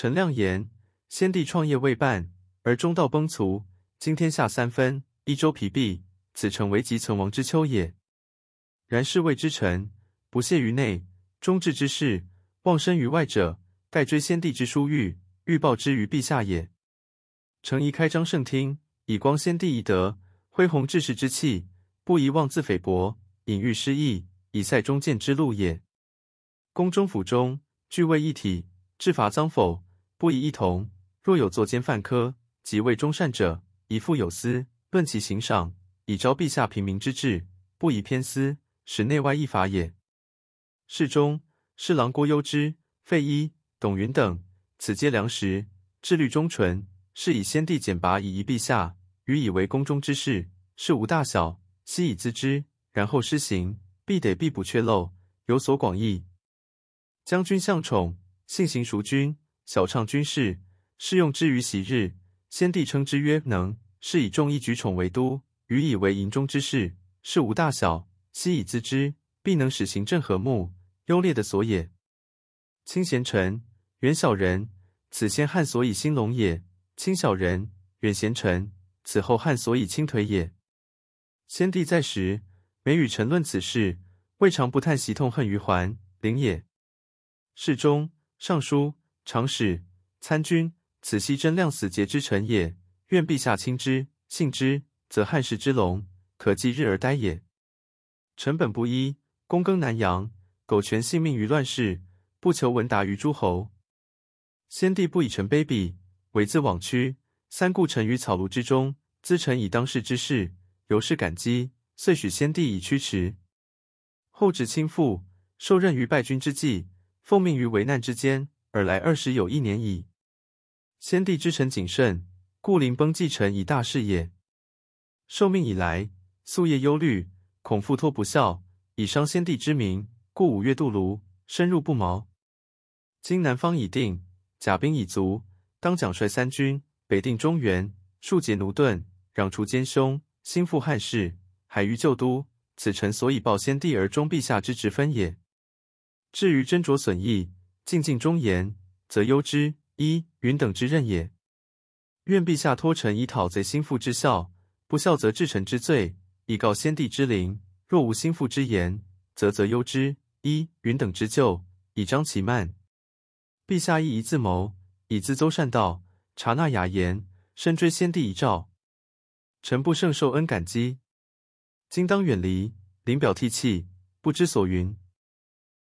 臣亮言：“先帝創業未半而中道崩殂，今天下三分，益州疲弊，此誠危急存亡之秋也。然侍衛之臣不懈於內，忠志之士忘身於外者，蓋追先帝之殊遇，欲報之於陛下也。誠宜開張聖聽，以光先帝遺德，恢弘志士之氣，不宜妄自菲薄，引喻失義，以塞忠諫之路也。宮中府中，俱為一體，陟罰臧否。”不宜異同，若有作奸犯科及為忠善者，宜付有司，論其刑賞，以昭陛下平明之治，不宜偏私，使內外異法也。侍中、侍郎郭攸之、費禕、董允等，此皆良實，志慮忠純，是以先帝簡拔以遺陛下。愚以為宮中之事，事無大小，悉以諮之，然後施行，必得裨補闕漏，有所廣益。將軍向寵，性行淑均，曉暢軍事，試用之於昔日。先帝稱之曰能，是以眾議舉寵為督，愚以為營中之事，事無大小，悉以諮之，必能使行陣和穆，優劣得所也。親賢臣，遠小人，此先漢所以興隆也；親小人，遠賢臣，此後漢所以傾頹也。先帝在時，每與臣論此事，未嘗不嘆息痛恨於桓靈也。侍中、尚書。常使參軍，此悉貞亮死節之臣也。願陛下親之信之，則漢室之隆可計日而待也。臣本布衣，躬耕南陽，苟全性命於亂世，不求聞達於諸侯。先帝不以臣卑鄙，猥自枉屈，三顧臣於草廬之中，諮臣以當世之事，由是感激，遂許先帝以驅馳。後值傾覆，受任於敗軍之際，奉命於危難之間。爾來二十有一年矣，先帝知臣謹慎，故臨崩寄臣以大事也。受命以來，夙夜憂慮，恐付托不效，以傷先帝之明，故五月渡瀘，深入不毛。今南方已定，甲兵已足，當獎率三軍，北定中原，庶竭駑鈍，攘除奸凶，興復漢室，還於舊都。此臣所以報先帝而忠陛下之職分也。至於斟酌損益。進盡忠言，則攸之、依、允等之任也。願陛下托臣以討賊興復之效，不效則治臣之罪，以告先帝之靈。若無興復之言，則責攸之、依、允等之咎，以彰其慢。陛下亦宜自謀，以諮諏善道，察納雅言，深追先帝遺詔。臣不勝受恩感激，今當遠離，臨表涕泣，不知所云。